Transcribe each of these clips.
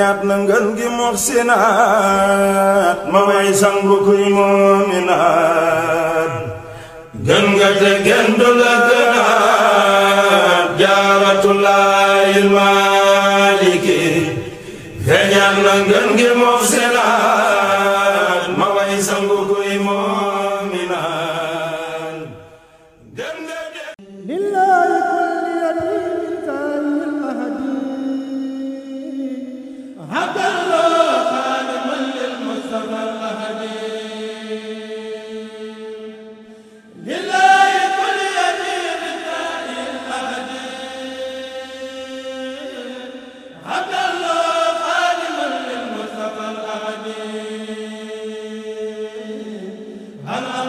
ma way gën nga te gën du la gënaat jaaratullaahil maaliki ñaat na ngën gi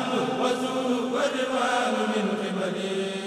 الحمد والسوء والرضوان من قبلي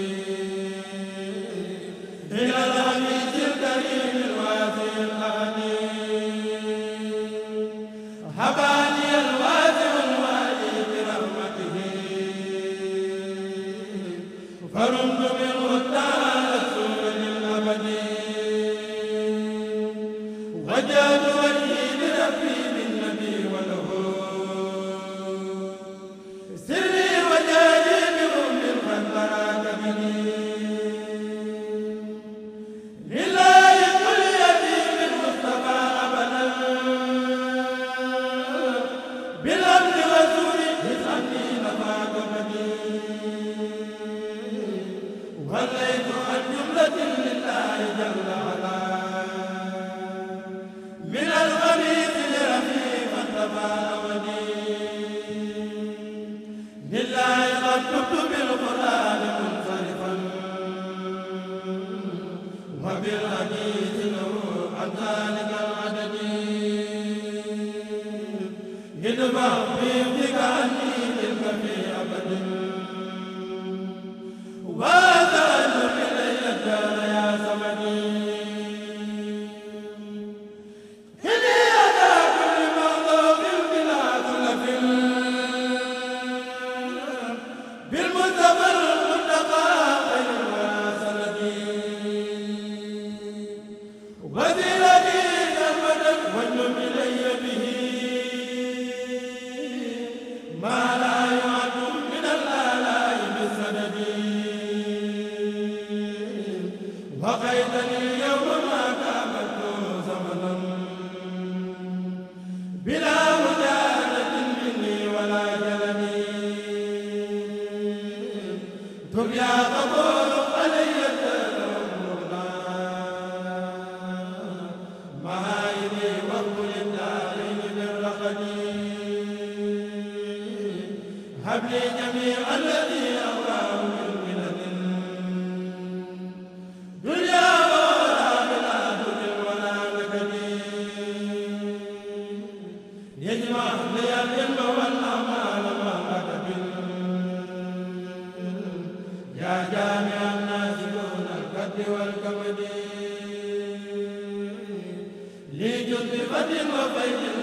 li jot bi fatin wa fayti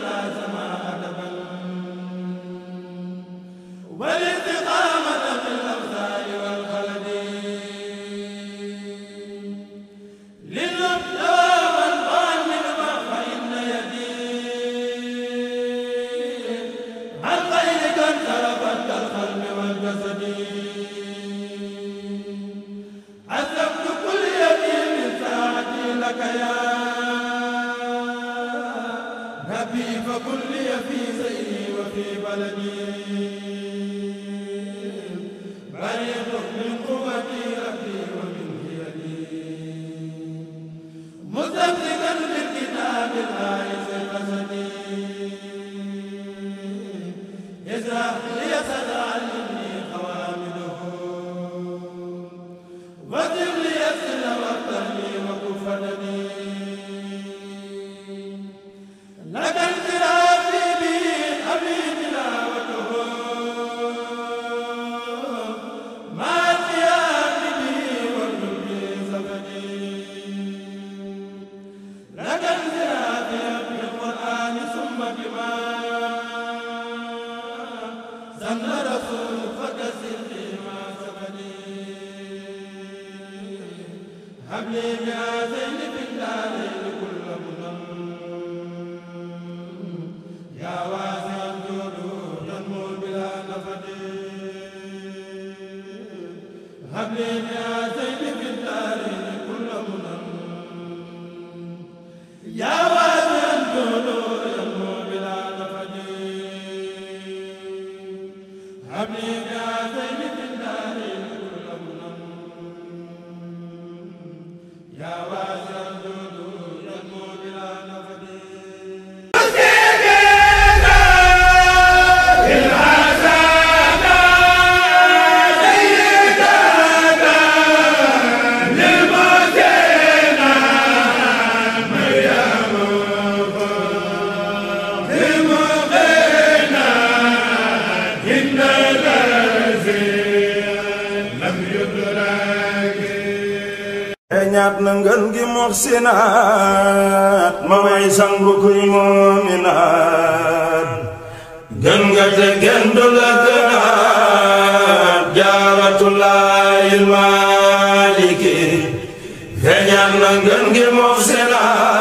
wala أبي فكن لي في زيني وفي بلدي Amen ñaat na ngën gi muxsinaat ma way sangu kuy moominaat gën nga te gën du la gënaat jaaratullaahil maaliki ñaat na ngën gi muxsinaat